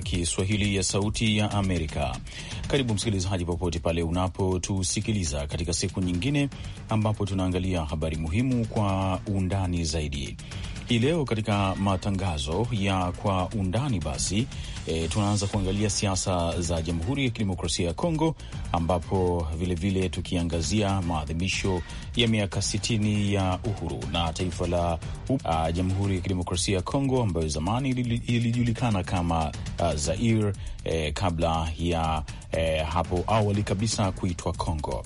Kiswahili ya Sauti ya Amerika. Karibu msikilizaji, popote pale unapotusikiliza katika siku nyingine ambapo tunaangalia habari muhimu kwa undani zaidi. Hii leo katika matangazo ya kwa undani basi e, tunaanza kuangalia siasa za Jamhuri ya Kidemokrasia ya Kongo ambapo vilevile vile tukiangazia maadhimisho ya miaka sitini ya uhuru na taifa la Jamhuri ya Kidemokrasia ya Kongo ambayo zamani ilijulikana kama a, Zaire e, kabla ya e, hapo awali kabisa kuitwa Kongo.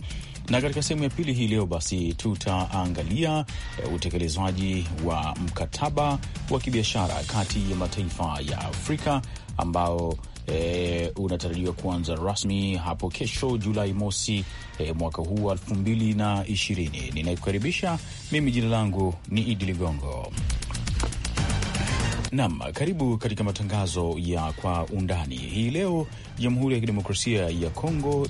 Na katika sehemu ya pili hii leo basi tutaangalia e, utekelezwaji wa mkataba wa kibiashara kati ya mataifa ya Afrika ambao e, unatarajiwa kuanza rasmi hapo kesho Julai mosi e, mwaka huu wa elfu mbili na ishirini. Ninayekukaribisha mimi jina langu ni Idi Ligongo. Nam, karibu katika matangazo ya kwa undani hii leo. Jamhuri ya Kidemokrasia ya Kongo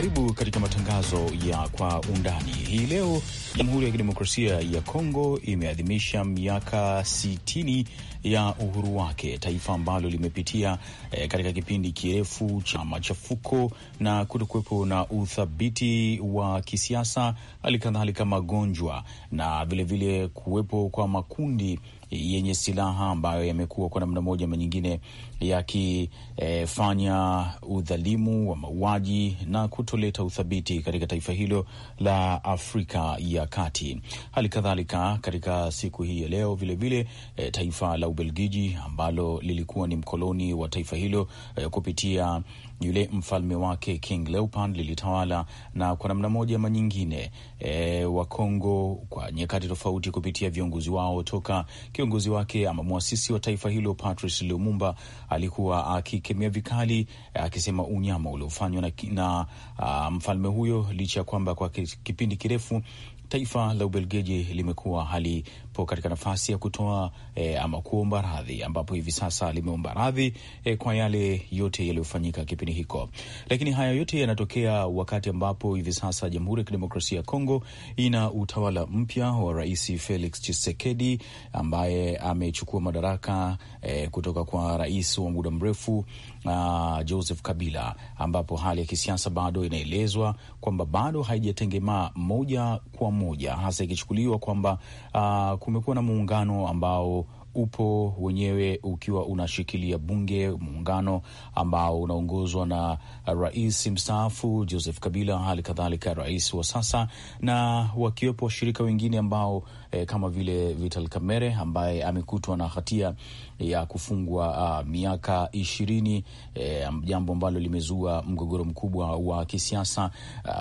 Karibu katika matangazo ya Kwa Undani hii leo. Jamhuri ya Kidemokrasia ya Kongo imeadhimisha miaka 60 ya uhuru wake, taifa ambalo limepitia eh, katika kipindi kirefu cha machafuko na kutokuwepo na uthabiti wa kisiasa, hali kadhalika magonjwa na vilevile kuwepo kwa makundi yenye silaha ambayo yamekuwa kwa namna moja ama nyingine yakifanya eh, udhalimu wa mauaji na kutoleta uthabiti katika taifa hilo la Afrika ya Kati. Hali kadhalika katika siku hii ya leo vilevile vile, eh, taifa la Ubelgiji ambalo lilikuwa ni mkoloni wa taifa hilo eh, kupitia yule mfalme wake King Leopold lilitawala na kwa namna moja ama nyingine e, wa Kongo kwa nyakati tofauti kupitia viongozi wao toka kiongozi wake ama mwasisi wa taifa hilo Patrice Lumumba alikuwa akikemea vikali akisema unyama uliofanywa na, na uh, mfalme huyo licha ya kwamba kwa kipindi kirefu taifa la Ubelgiji limekuwa hali po katika nafasi ya kutoa e, ama kuomba radhi, ambapo hivi sasa limeomba radhi e, kwa yale yote yaliyofanyika kipindi hiko. Lakini haya yote yanatokea wakati ambapo hivi sasa Jamhuri ya Kidemokrasia ya Kongo ina utawala mpya wa Rais Felix Tshisekedi ambaye amechukua madaraka e, kutoka kwa rais wa muda mrefu Uh, Joseph Kabila ambapo hali ya kisiasa bado inaelezwa kwamba bado haijatengemaa moja kwa moja, hasa ikichukuliwa kwamba uh, kumekuwa na muungano ambao upo wenyewe ukiwa unashikilia bunge, muungano ambao unaongozwa na rais mstaafu Joseph Kabila, hali kadhalika rais wa sasa, na wakiwepo washirika wengine ambao eh, kama vile Vital Kamerhe ambaye amekutwa na hatia eh, ya kufungwa uh, miaka ishirini eh, jambo ambalo limezua mgogoro mkubwa wa kisiasa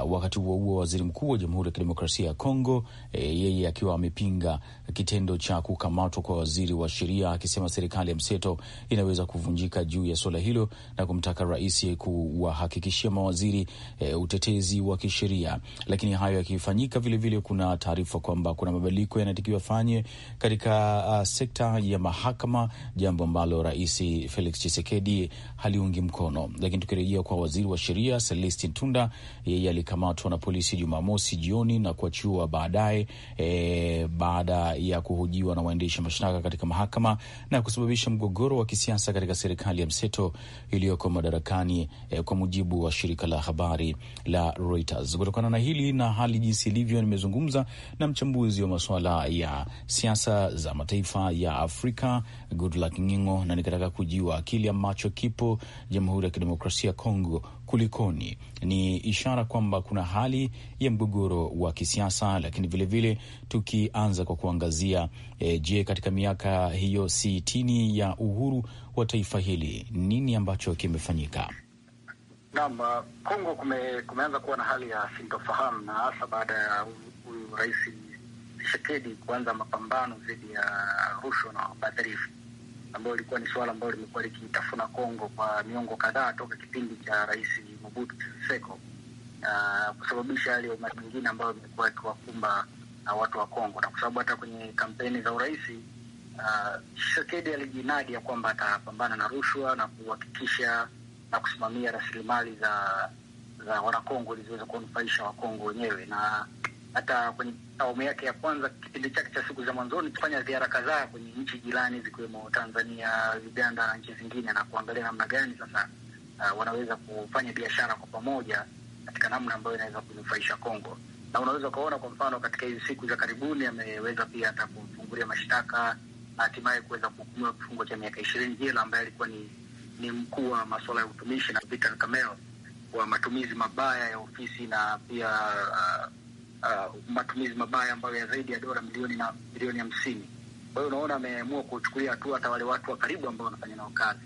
uh, wakati huo huo waziri mkuu wa Jamhuri ya Kidemokrasia ya Kongo eh, yeye akiwa amepinga kitendo cha kukamatwa kwa waziri wa sheria akisema serikali ya mseto inaweza kuvunjika juu ya suala hilo na kumtaka rais kuwahakikishia mawaziri eh, utetezi wa kisheria. Lakini hayo yakifanyika, vilevile kuna taarifa kwamba kuna mabadiliko yalikuwa anatakiwa afanye katika uh, sekta ya mahakama, jambo ambalo Rais Felix Chisekedi haliungi mkono. Lakini tukirejea kwa waziri wa sheria Celestin Tunda, yeye alikamatwa na polisi Jumamosi jioni na kuachiwa baadaye e, baada ya kuhojiwa na waendesha mashtaka katika mahakama na kusababisha mgogoro wa kisiasa katika serikali ya mseto iliyoko madarakani e, kwa mujibu wa shirika la habari la Reuters. Kutokana na hili na hali jinsi ilivyo, nimezungumza na mchambuzi wa masuala masuala ya siasa za mataifa ya Afrika Goodluck Ngingo, na nikataka kujua kile ambacho kipo Jamhuri ya Kidemokrasia ya Kongo kulikoni. Ni ishara kwamba kuna hali ya mgogoro wa kisiasa, lakini vilevile tukianza kwa kuangazia e, je, katika miaka hiyo sitini ya uhuru wa taifa hili nini ambacho kimefanyika? Naam, uh, Kongo kume, kumeanza kuwa na hali ya sintofahamu na hasa baada ya huyu rais itikadi kuanza mapambano dhidi ya rushwa na ubadhirifu, ambayo ilikuwa ni suala ambalo limekuwa likitafuna Kongo kwa miongo kadhaa toka kipindi cha Rais Mobutu Sese Seko, uh, kusababisha hali ya umari mingine ambayo imekuwa ikiwakumba na watu wa Kongo, na kwa sababu hata kwenye kampeni za urais uh, Tshisekedi alijinadi ya kwamba atapambana na rushwa na kuhakikisha na kusimamia rasilimali za za wanakongo ili ziweze kuwanufaisha wakongo wenyewe na hata kwenye awamu yake ya kwanza, kipindi chake cha siku za mwanzoni, kufanya ziara kadhaa kwenye nchi jirani zikiwemo Tanzania, Uganda na nchi zingine, na kuangalia namna gani sasa uh, wanaweza kufanya biashara kwa pamoja katika namna ambayo inaweza kunufaisha Kongo. Na unaweza ukaona kwa mfano katika hizi siku za karibuni ameweza pia hata kumfungulia mashtaka na hatimaye kuweza kuhukumiwa kifungo cha miaka ishirini jela, ambaye alikuwa ni, ni mkuu wa masuala ya utumishi na Vital Kamerhe kwa matumizi mabaya ya ofisi na pia uh, uh, matumizi mabaya ambayo ya zaidi ya dola milioni na milioni hamsini. Kwa hiyo unaona ameamua kuchukulia hatua hata wale watu wa karibu ambao wanafanya nao kazi.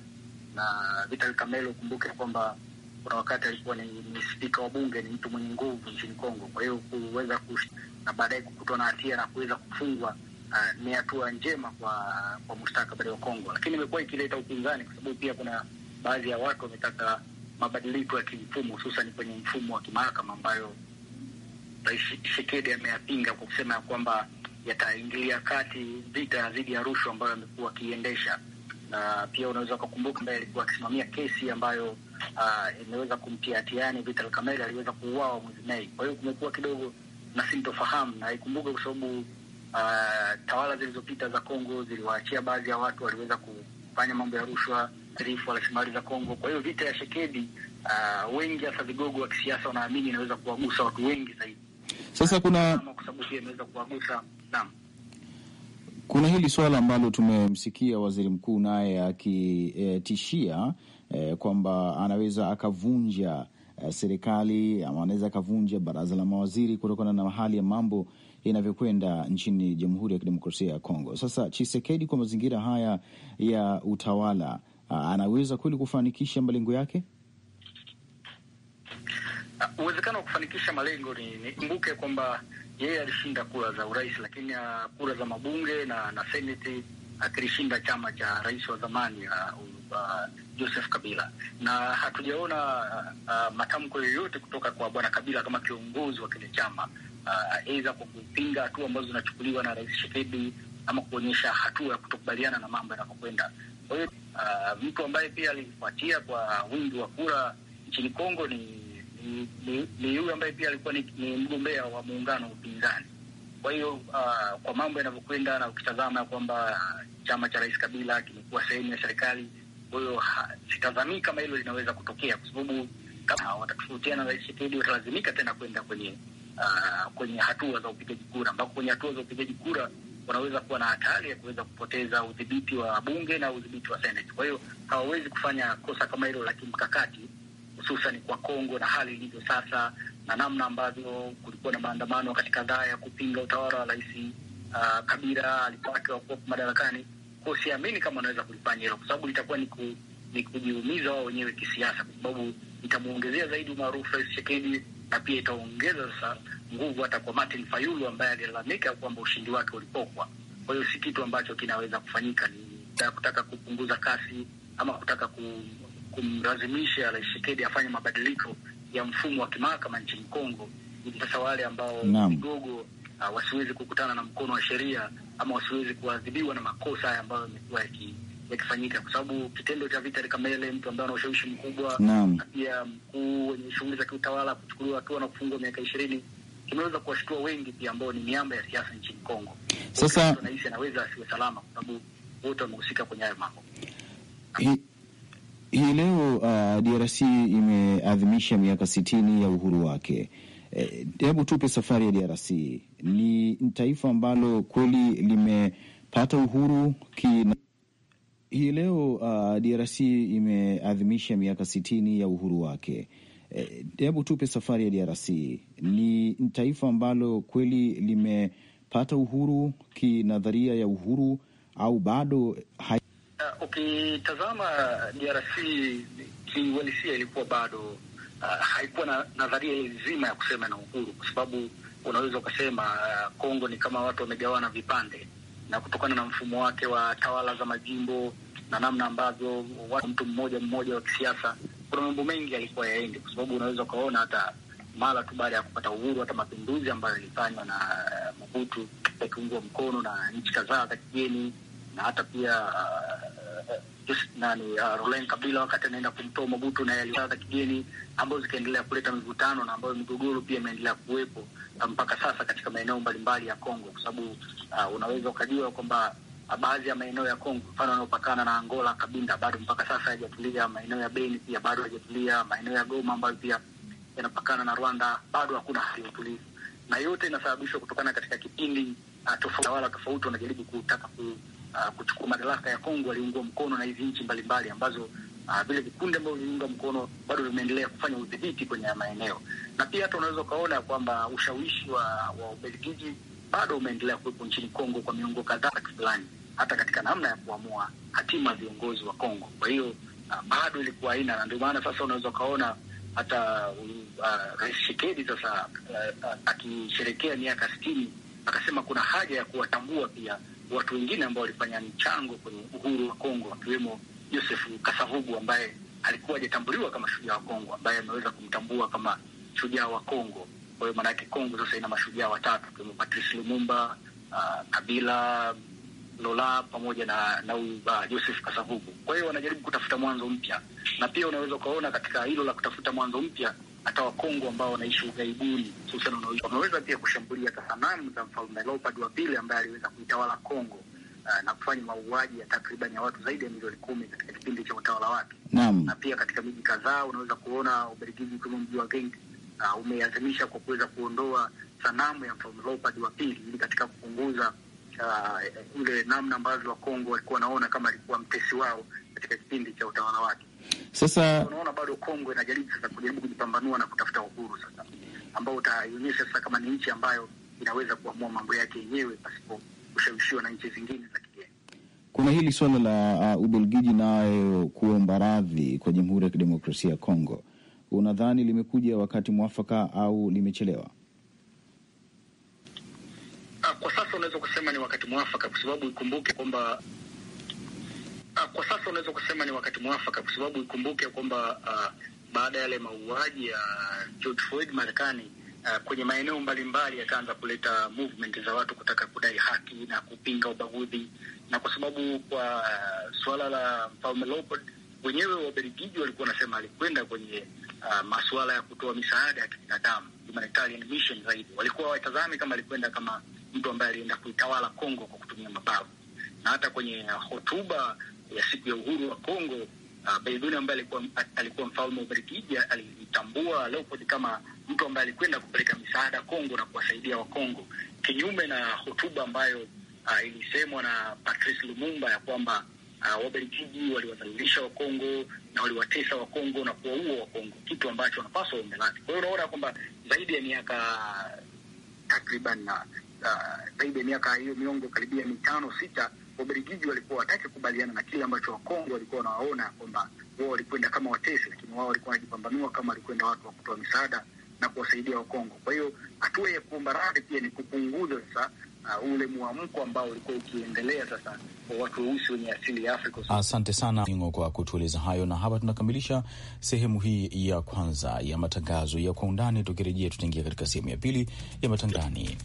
Na Vital Kamelo, ukumbuke kwamba kuna wakati alikuwa ni, ni spika wa bunge, ni mtu mwenye nguvu nchini Kongo. Kwa hiyo kuweza kush na baadaye kukutwa na hatia na kuweza kufungwa uh, ni hatua njema kwa kwa mustakabali wa Kongo, lakini imekuwa ikileta upinzani kwa sababu pia kuna baadhi ya watu wametaka mabadiliko ya kimfumo, hususan kwenye mfumo wa kimahakama ambayo Tshisekedi ameyapinga kwa kusema ya kwamba yataingilia kati vita dhidi ya rushwa ambayo amekuwa akiiendesha, na pia unaweza ukakumbuka ambaye alikuwa akisimamia kesi ambayo ah, imeweza kumtia hatiani Vital Kamerhe, aliweza kuuawa mwezi Mei. Kwa hiyo kumekuwa kidogo na sintofahamu, na ikumbuke kwa sababu Uh, tawala zilizopita za Kongo ziliwaachia baadhi ya watu waliweza kufanya mambo ya rushwa rifu rasilimali za Kongo. Kwa hiyo vita ya Shekedi, uh, ah, wengi hasa vigogo wa kisiasa wanaamini inaweza kuwagusa watu wengi zaidi. Sasa kuna kuna hili swala ambalo tumemsikia waziri mkuu naye akitishia e, e, kwamba anaweza akavunja e, serikali ama anaweza akavunja baraza la mawaziri kutokana na hali ya mambo inavyokwenda nchini Jamhuri ya Kidemokrasia ya Kongo. Sasa Chisekedi, kwa mazingira haya ya utawala, ah, anaweza kweli kufanikisha malengo yake? uwezekano wa kufanikisha malengo ni nikumbuke kwamba yeye alishinda kura za urais, lakini ah, kura za mabunge na na seneti akilishinda chama cha rais wa zamani uh, uh, Joseph Kabila, na hatujaona uh, matamko yoyote kutoka kwa bwana Kabila kama kiongozi wa kile chama aidha uh, kwa kupinga hatua ambazo zinachukuliwa na rais Tshisekedi ama kuonyesha hatua ya kutokubaliana na mambo yanavyokwenda. Kwa hiyo uh, mtu ambaye pia alifuatia kwa wingi wa kura nchini Kongo ni ni yule ambaye pia alikuwa ni, ni mgombea wa muungano wa upinzani. Kwa hiyo uh, kwa mambo yanavyokwenda na ukitazama kwamba uh, chama cha Rais Kabila kimekuwa sehemu ya serikali, kwa hiyo sitazamii kama hilo linaweza kutokea, kwa sababu kama watatofautiana na Rais Tshisekedi watalazimika tena kwenda kwenye uh, kwenye hatua za upigaji kura, ambapo kwenye hatua za upigaji kura wanaweza kuwa na hatari ya kuweza kupoteza udhibiti wa bunge na udhibiti wa seneti. Kwa hiyo hawawezi kufanya kosa kama hilo la kimkakati hususan kwa Kongo na hali ilivyo sasa na namna ambavyo kulikuwa na maandamano wakati kadhaa ya kupinga utawala wa Rais uh, Kabila alipowake wakuwa madarakani. Kwa siamini kama anaweza kulifanya hilo, kwa sababu litakuwa ni, ku, ni kujiumiza wao wenyewe kisiasa, kwa sababu itamuongezea zaidi umaarufu Rais Chekedi na pia itaongeza sasa nguvu hata kwa Martin Fayulu ambaye alilalamika kwamba ushindi wake ulipokwa. Kwa hiyo si kitu ambacho kinaweza kufanyika, ni kutaka kupunguza kasi ama kutaka kumlazimisha Rais Tshisekedi afanye mabadiliko ya mfumo wa kimahakama nchini Kongo, ili sasa wale ambao vigogo uh, ah, wasiwezi kukutana na mkono wa sheria ama wasiwezi kuadhibiwa na makosa haya ambayo yamekuwa yaki yakifanyika kwa sababu kitendo cha Vitali Kamele, mtu ambaye ana ushawishi mkubwa na pia mkuu wenye shughuli za kiutawala, kuchukuliwa akiwa na kufungwa miaka ishirini kimeweza kuwashtua wengi pia ambao ni miamba ya siasa nchini Kongo. Sasa anahisi anaweza asiwe salama, kwa sababu wote wamehusika kwenye hayo mambo. Hii leo uh, DRC imeadhimisha miaka sitini ya uhuru wake. Eh, hebu e, tupe safari ya DRC. Ni taifa ambalo kweli limepata uhuru kina... hii leo uh, DRC imeadhimisha miaka sitini ya uhuru wake. Eh, hebu e, tupe safari ya DRC. Ni taifa ambalo kweli limepata uhuru kinadharia ya uhuru au bado hai ukitazama DRC kiuhalisia ilikuwa bado uh, haikuwa na nadharia nzima ya kusema na uhuru, kwa sababu unaweza ukasema ah, Kongo uh, ni kama watu wamegawana vipande, na kutokana na mfumo wake wa tawala za majimbo na namna ambavyo watu mtu mmoja mmoja wa kisiasa, kuna mambo mengi yalikuwa yaende, kwa sababu unaweza ukaona hata mara tu baada ya kupata uhuru, hata mapinduzi ambayo yalifanywa na ah, Mobutu yakiungwa mkono na nchi kadhaa za kigeni na hata pia uh, nani uh, Laurent Kabila wakati anaenda kumtoa Mobutu na yaliaa za kigeni ambazo zikaendelea kuleta mivutano na ambayo migogoro pia imeendelea kuwepo uh, mpaka sasa katika maeneo mbalimbali ya Kongo, kwa sababu uh, unaweza ukajua kwamba uh, baadhi ya maeneo ya Kongo, mfano yanayopakana na Angola, Kabinda, bado mpaka sasa hayajatulia. Maeneo ya Beni pia bado hayajatulia. Maeneo ya Goma ambayo pia yanapakana na Rwanda, bado hakuna hali ya utulivu, na yote inasababishwa kutokana katika kipindi uh, tofauti, tawala tofauti wanajaribu kutaka ku uh, kuchukua madaraka ya Kongo aliungwa mkono na hizi nchi mbalimbali ambazo Uh, vile vikundi ambavyo viliunga mkono bado vimeendelea kufanya udhibiti kwenye maeneo, na pia hata unaweza ukaona kwamba ushawishi wa, wa Ubelgiji bado umeendelea kuwepo nchini Kongo kwa miongo kadhaa fulani, hata katika namna ya kuamua hatima ya viongozi wa Kongo. Kwa hiyo uh, bado ilikuwa aina, na ndio maana sasa unaweza ukaona hata uh, Rais Tshisekedi sasa uh, uh, akisherekea miaka sitini akasema kuna haja ya kuwatambua pia watu wengine ambao walifanya mchango kwenye uhuru wa Kongo, wakiwemo Joseph Kasavubu ambaye alikuwa hajatambuliwa kama shujaa wa Kongo, ambaye ameweza kumtambua kama shujaa wa Kongo. Kwa hiyo maanake Kongo sasa ina mashujaa watatu akiwemo Patrice Lumumba, uh, Kabila, Lola pamoja na, na uh, Joseph Kasavubu. Kwa hiyo wanajaribu kutafuta mwanzo mpya, na pia unaweza ukaona katika hilo la kutafuta mwanzo mpya hata Wakongo ambao wanaishi ughaibuni hususan wanaoishi wameweza pia kushambulia hata sanamu za mfalme Leopold wa pili ambaye aliweza kuitawala Kongo uh, na kufanya mauaji ya takriban ya watu zaidi ya milioni kumi katika kipindi cha utawala wake. Naam. Na pia katika miji kadhaa unaweza kuona Ubelgiji kama mji wa Genk uh, umeazimisha kwa kuweza kuondoa sanamu ya mfalme Leopold wa pili ili katika kupunguza uh, namna ambavyo Wakongo walikuwa wanaona kama alikuwa mtesi wao katika kipindi cha utawala wake. Sasa unaona bado Kongo inajaribu sasa kujaribu kujipambanua na kutafuta uhuru sasa, ambao utaionyesha sasa kama ni nchi ambayo inaweza kuamua mambo yake yenyewe pasipo kushawishiwa na nchi zingine za kigeni. Kuna hili suala la uh, Ubelgiji nayo kuomba radhi kwa Jamhuri ya Kidemokrasia ya Kongo, unadhani limekuja wakati mwafaka au limechelewa? Ah, kwa sasa unaweza kusema ni wakati mwafaka, kwa sababu ikumbuke kwamba Ah, kwa sasa unaweza kusema ni wakati mwafaka, kwa sababu ikumbuke kwamba uh, baada ya yale mauaji ya uh, George Floyd Marekani, uh, kwenye maeneo mbalimbali yakaanza kuleta movement za watu kutaka kudai haki na kupinga ubaguzi, na kwa sababu kwa uh, suala la mfalme Leopold wenyewe Waberigiji walikuwa wanasema alikwenda kwenye uh, masuala ya kutoa misaada ya kibinadamu humanitarian mission zaidi, walikuwa watazami kama alikwenda kama mtu ambaye alienda kuitawala Kongo kwa kutumia mabavu, na hata kwenye hotuba ya siku ya uhuru wa Kongo, uh, Baiduni ambaye alikuwa, alikuwa mfalme wa Ubelgiji alitambua Leopold kama mtu ambaye alikwenda kupeleka misaada Kongo na kuwasaidia Wakongo, kinyume na hotuba ambayo uh, ilisemwa na Patrice Lumumba ya kwamba uh, Wabelgiji waliwadhalilisha Wakongo na waliwatesa Wakongo na kuwaua Wakongo, kitu ambacho wanapaswa wamelati. Kwa hiyo unaona kwamba zaidi ya miaka takriban na uh, uh, zaidi ya miaka hiyo miongo karibia mitano sita Wabelgiji walikuwa wataki kukubaliana na kile ambacho Wakongo walikuwa wanawaona kwamba wao walikwenda kama watesi, lakini wao walikuwa wanajipambanua kama walikwenda watu wa kutoa misaada na kuwasaidia Wakongo. Kwa hiyo hatua ya kuomba radhi pia ni kupunguza sasa Uh, ule mwamko ambao ulikuwa ukiendelea sasa kwa watu weusi wenye asili ya Afrika. Asante sana Ingo kwa kutueleza hayo, na hapa tunakamilisha sehemu hii ya kwanza ya matangazo ya kwa undani. Tukirejea tutaingia katika sehemu ya pili ya matangani.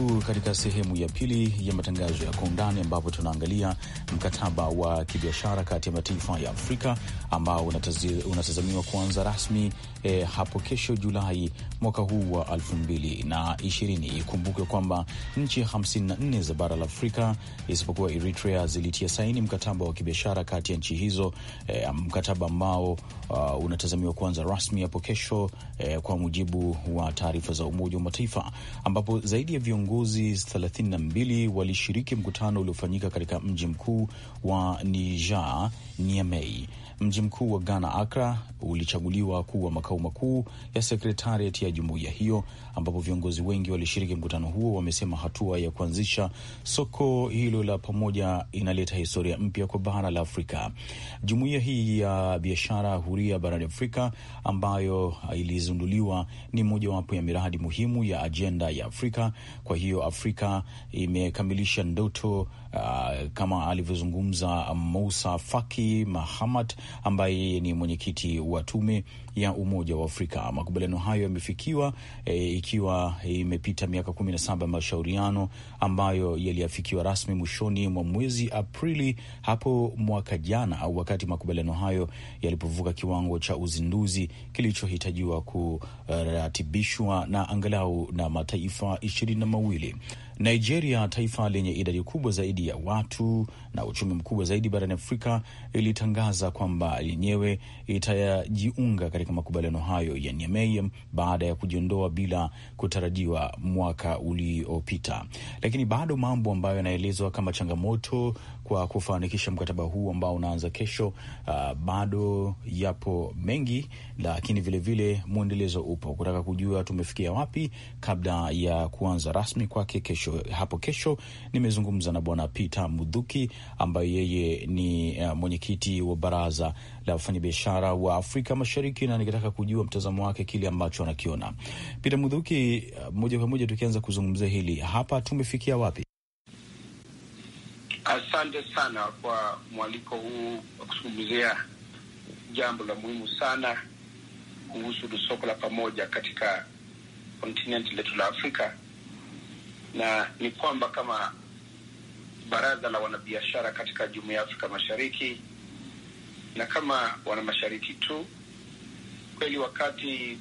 Karibu katika sehemu ya pili ya matangazo ya kwa undani, ambapo tunaangalia mkataba wa kibiashara kati ya mataifa ya Afrika ambao unatazamiwa kuanza rasmi eh, hapo kesho Julai mwaka huu wa 2020. Ikumbuke kwamba nchi 54 za bara la Afrika isipokuwa Eritrea zilitia saini mkataba wa kibiashara kati ya nchi hizo, eh, mkataba ambao uh, unatazamiwa kuanza rasmi hapo kesho eh, kwa mujibu wa taarifa za Umoja wa Mataifa ambapo zaidi ya viongozi viongozi 32 walishiriki mkutano uliofanyika katika mji mkuu wa Niger, Niamey, Mji mkuu wa Ghana, acra ulichaguliwa kuwa makao makuu ya sekretariat ya jumuiya hiyo, ambapo viongozi wengi walishiriki mkutano huo wamesema hatua ya kuanzisha soko hilo la pamoja inaleta historia mpya kwa bara la Afrika. Jumuiya hii ya biashara huria barani Afrika ambayo ilizinduliwa ni mojawapo ya miradi muhimu ya ajenda ya Afrika. Kwa hiyo Afrika imekamilisha ndoto uh, kama alivyozungumza Musa Faki Mahamat ambaye ni mwenyekiti wa tume ya Umoja wa Afrika. Makubaliano hayo yamefikiwa e, ikiwa imepita miaka kumi na saba ya mashauriano ambayo yaliafikiwa rasmi mwishoni mwa mwezi Aprili hapo mwaka jana, au wakati makubaliano hayo yalipovuka kiwango cha uzinduzi kilichohitajiwa kuratibishwa na angalau na mataifa ishirini na mawili. Nigeria, taifa lenye idadi kubwa zaidi ya watu na uchumi mkubwa zaidi barani Afrika, ilitangaza kwamba yenyewe itajiunga katika makubaliano hayo ya Niamey baada ya kujiondoa bila kutarajiwa mwaka uliopita, lakini bado mambo ambayo yanaelezwa kama changamoto kwa kufanikisha mkataba huu ambao unaanza kesho. Uh, bado yapo mengi, lakini vilevile mwendelezo upo kutaka kujua tumefikia wapi kabla ya kuanza rasmi kwake kesho. Hapo kesho nimezungumza na Bwana Peter Mudhuki ambaye yeye ni uh, mwenyekiti wa baraza la wafanyabiashara wa Afrika Mashariki, na nikitaka kujua mtazamo wake kile ambacho anakiona. Peter Mudhuki, uh, ah, moja kwa moja tukianza kuzungumzia hili hapa, tumefikia wapi? Asante sana kwa mwaliko huu wa kuzungumzia jambo la muhimu sana kuhusu soko la pamoja katika kontinenti letu la Afrika, na ni kwamba kama baraza la wanabiashara katika jumuiya ya Afrika Mashariki na kama wana mashariki tu kweli, wakati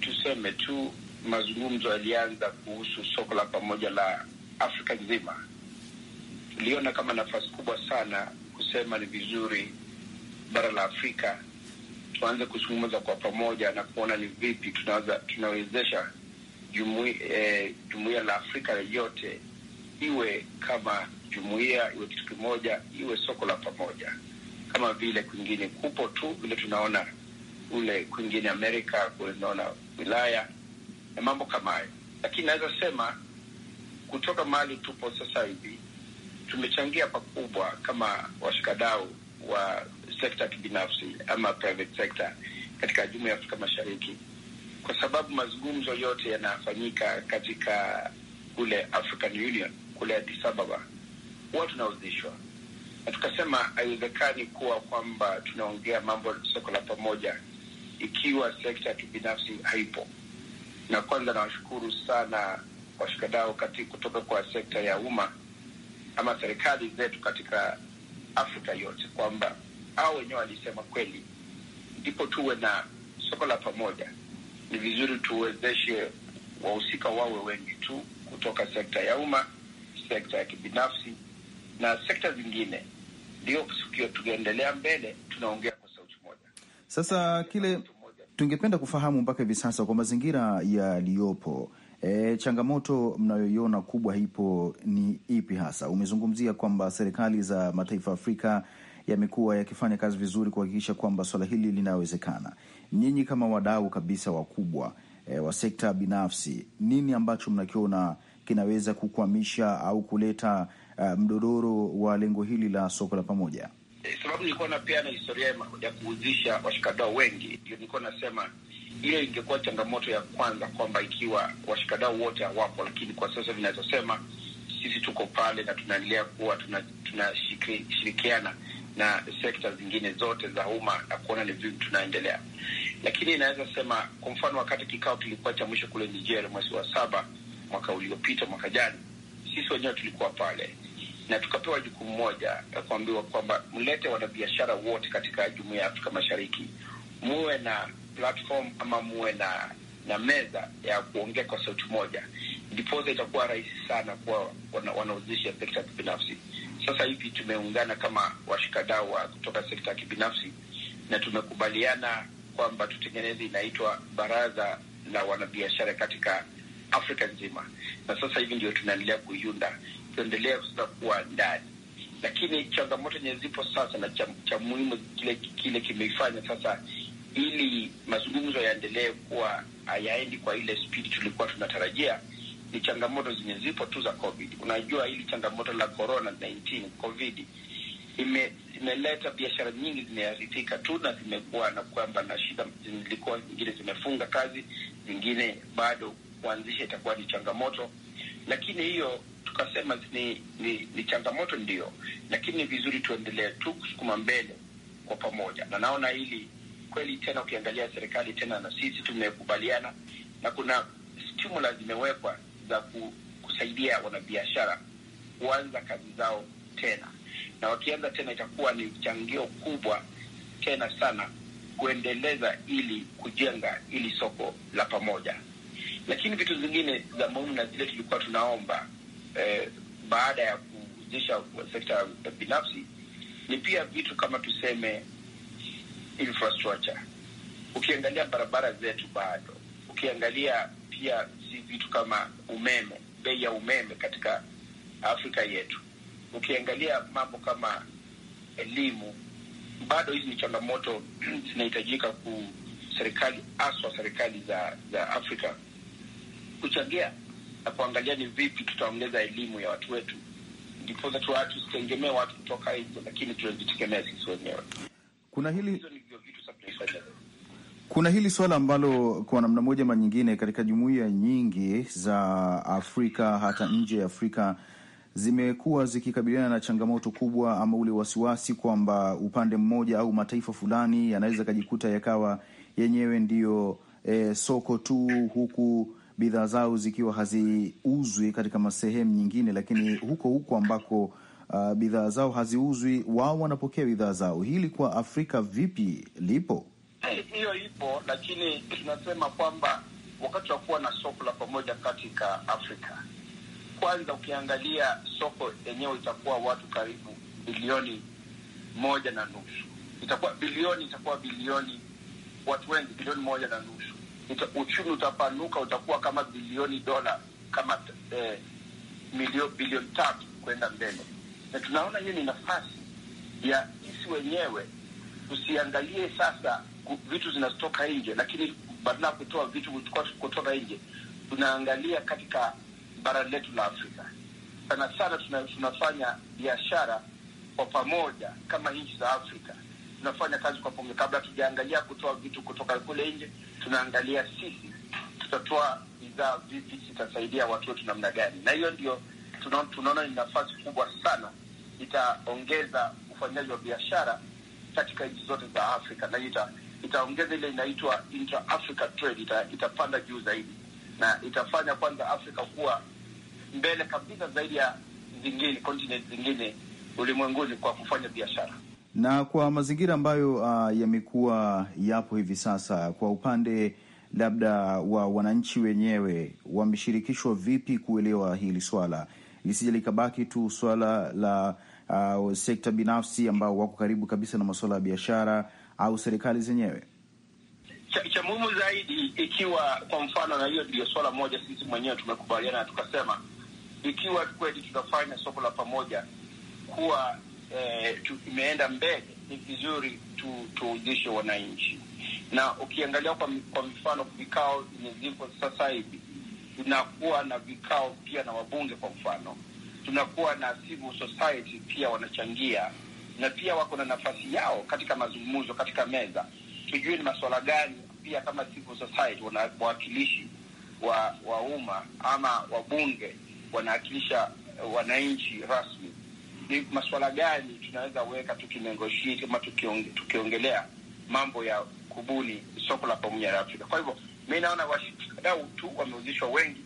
tuseme tu mazungumzo yalianza kuhusu soko la pamoja la Afrika nzima niliona kama nafasi kubwa sana kusema ni vizuri bara la Afrika tuanze kuzungumza kwa pamoja na kuona ni vipi tunaweza tunawezesha jumuiya eh, jumuiya la Afrika yote iwe kama jumuiya, iwe kitu kimoja, iwe soko la pamoja kama vile kwingine kupo tu vile tunaona ule kwingine Amerika, kunaona wilaya na mambo kama hayo, lakini naweza sema kutoka mahali tupo sasa hivi tumechangia pakubwa kama washikadau wa sekta ya kibinafsi ama private sector katika jumuiya ya Afrika Mashariki, kwa sababu mazungumzo yote yanafanyika katika kule African Union kule Addis Ababa, huwa tunauzishwa na tukasema haiwezekani kuwa kwamba tunaongea mambo soko la pamoja ikiwa sekta ya kibinafsi haipo. Na kwanza nawashukuru sana washikadau kutoka kwa sekta ya umma ama serikali zetu katika Afrika yote kwamba hao wenyewe walisema kweli, ndipo tuwe na soko la pamoja. Ni vizuri tuwezeshe wahusika wawe wengi tu kutoka sekta ya umma, sekta ya kibinafsi na sekta zingine, ndio tukiwa tukiendelea mbele tunaongea kwa sauti moja. Sasa kile tungependa kufahamu mpaka hivi sasa kwa mazingira yaliyopo E, changamoto mnayoiona kubwa ipo ni ipi hasa? Umezungumzia kwamba serikali za mataifa Afrika ya Afrika yamekuwa yakifanya kazi vizuri kuhakikisha kwamba swala hili linawezekana. Nyinyi kama wadau kabisa wakubwa e, wa sekta binafsi, nini ambacho mnakiona kinaweza kukwamisha au kuleta uh, mdororo wa lengo hili la soko la pamoja? Sababu nilikuwa na pia na historia ya kuuzisha washikadau wengi, nilikuwa nasema hiyo ingekuwa changamoto ya kwanza, kwamba ikiwa washikadau wote hawapo, lakini kwa sasa vinazosema sisi tuko pale na tunaendelea kuwa tunashirikiana tuna na sekta zingine zote za umma na kuona ni vipi tunaendelea. Lakini inaweza sema kwa mfano, wakati kikao kilikuwa cha mwisho kule Niger mwezi wa saba mwaka uliopita, mwaka jana, sisi wenyewe tulikuwa pale na tukapewa jukumu moja la kuambiwa kwamba mlete wanabiashara wote katika jumuiya ya Afrika Mashariki, muwe na platform ama muwe na na meza ya kuongea kwa sauti moja, ndiposa itakuwa rahisi sana kuwa wanaozisha sekta ya kibinafsi. Sasa hivi tumeungana kama washikadau wa kutoka sekta ya kibinafsi na tumekubaliana kwamba tutengeneze inaitwa baraza la wanabiashara katika Afrika nzima, na sasa hivi ndio tunaendelea kuiunda, tuendelee sasa kuwa ndani. Lakini changamoto zenye zipo sasa na cha, cha muhimu kile kile kimeifanya sasa ili mazungumzo yaendelee kuwa hayaendi kwa ile spidi tulikuwa tunatarajia, ni changamoto zenye zipo tu za COVID. Unajua, hili changamoto la corona 19 COVID ime- imeleta biashara nyingi zimeharibika tu na zimekuwa na kwamba na shida zilikuwa zingine zimefunga kazi, zingine bado kuanzisha itakuwa ni changamoto, lakini hiyo tukasema ni, ni, ni changamoto ndio, lakini ni vizuri tuendelee tu kusukuma mbele kwa pamoja, na naona hili kweli tena, ukiangalia serikali tena na sisi tumekubaliana, na kuna stimula zimewekwa za kusaidia wanabiashara kuanza kazi zao tena, na wakianza tena itakuwa ni mchangio kubwa tena sana kuendeleza ili kujenga ili soko la pamoja. Lakini vitu zingine za muhimu na zile tulikuwa tunaomba eh, baada ya kuuzisha sekta binafsi ni pia vitu kama tuseme infrastructure. Ukiangalia barabara zetu bado, ukiangalia pia si vitu kama umeme, bei ya umeme katika Afrika yetu, ukiangalia mambo kama elimu, bado hizi ni changamoto zinahitajika ku serikali haswa serikali za za Afrika kuchangia na kuangalia ni vipi tutaongeza elimu ya watu wetu, ndiposa tutegemee watu kutoka hizo lakini tujitegemee sisi wenyewe kuna hili kuna hili suala ambalo kwa namna moja ama nyingine katika jumuiya nyingi za Afrika hata nje ya Afrika zimekuwa zikikabiliana na changamoto kubwa ama ule wasiwasi kwamba upande mmoja au mataifa fulani yanaweza kajikuta yakawa yenyewe ndiyo e, eh, soko tu, huku bidhaa zao zikiwa haziuzwi katika masehemu nyingine, lakini huko huko ambako uh, bidhaa zao haziuzwi, wao wanapokea bidhaa zao. Hili kwa Afrika vipi lipo? Eh, hiyo ipo, lakini tunasema kwamba wakati wa kuwa na soko la pamoja katika Afrika, kwanza ukiangalia soko yenyewe itakuwa watu karibu bilioni moja na nusu itakuwa bilioni itakuwa bilioni watu wengi bilioni moja na nusu Ita, uchumi utapanuka utakuwa kama bilioni dola kama eh, milio, bilioni tatu kwenda mbele na tunaona hiyo ni nafasi ya sisi wenyewe, tusiangalie sasa vitu zinatoka nje, lakini badala ya kutoa vitu kutoka nje, tunaangalia katika bara letu la Afrika. Sana sana tuna, tunafanya biashara kwa pamoja kama nchi za Afrika tunafanya kazi kwa pamoja. Kabla tujaangalia kutoa vitu kutoka kule nje, tunaangalia sisi tutatoa bidhaa vipi, zitasaidia watu wetu namna gani, na hiyo ndio tunaona ni nafasi kubwa sana, itaongeza ufanyaji wa biashara katika nchi zote za Afrika na ita, itaongeza ile inaitwa intra africa trade ita, itapanda juu zaidi na itafanya kwanza Afrika kuwa mbele kabisa zaidi ya zingine kontinenti zingine ulimwenguni kwa kufanya biashara na kwa mazingira ambayo uh, yamekuwa yapo hivi sasa, kwa upande labda wa wananchi wenyewe wameshirikishwa vipi kuelewa hili swala lisije likabaki tu swala la uh, sekta binafsi ambao wako karibu kabisa na masuala ya biashara au serikali zenyewe? Cha, cha muhimu zaidi ikiwa kwa mfano, na hiyo ndio swala moja sisi mwenyewe tumekubaliana na tukasema, ikiwa kweli tutafanya soko la pamoja kuwa eh, imeenda mbele, ni vizuri tuuzishe tu wananchi, na ukiangalia kwa, kwa mfano vikao vimezikwa sasa hivi tunakuwa na vikao pia na wabunge, kwa mfano, tunakuwa na civil society pia wanachangia, na pia wako na nafasi yao katika mazungumzo, katika meza, tujue ni masuala gani pia kama civil society wana wawakilishi wa wa umma ama wabunge wanawakilisha wananchi rasmi, ni masuala gani tunaweza weka tukinegotiate ama tukiongelea mambo ya kubuni soko la pamoja la Afrika. Kwa hivyo mi naona washikadau tu wameuzishwa wengi,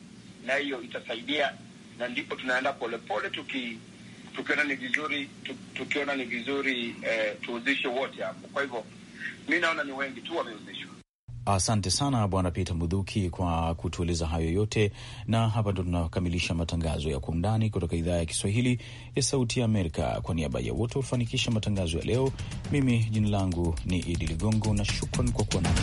na hiyo itasaidia, na ndipo tunaenda polepole tuki tukiona ni vizuri tukiona ni vizuri eh, tuuzishe wote hapo. Kwa hivyo mi naona ni wengi tu wameuzishwa. Asante sana Bwana Peter Mudhuki kwa kutueleza hayo yote, na hapa ndo tunakamilisha matangazo ya Kwa Undani kutoka idhaa ya Kiswahili ya Sauti ya Amerika. Kwa niaba ya wote waliofanikisha matangazo ya leo, mimi jina langu ni Idi Ligongo na shukran kwa kuwa nami.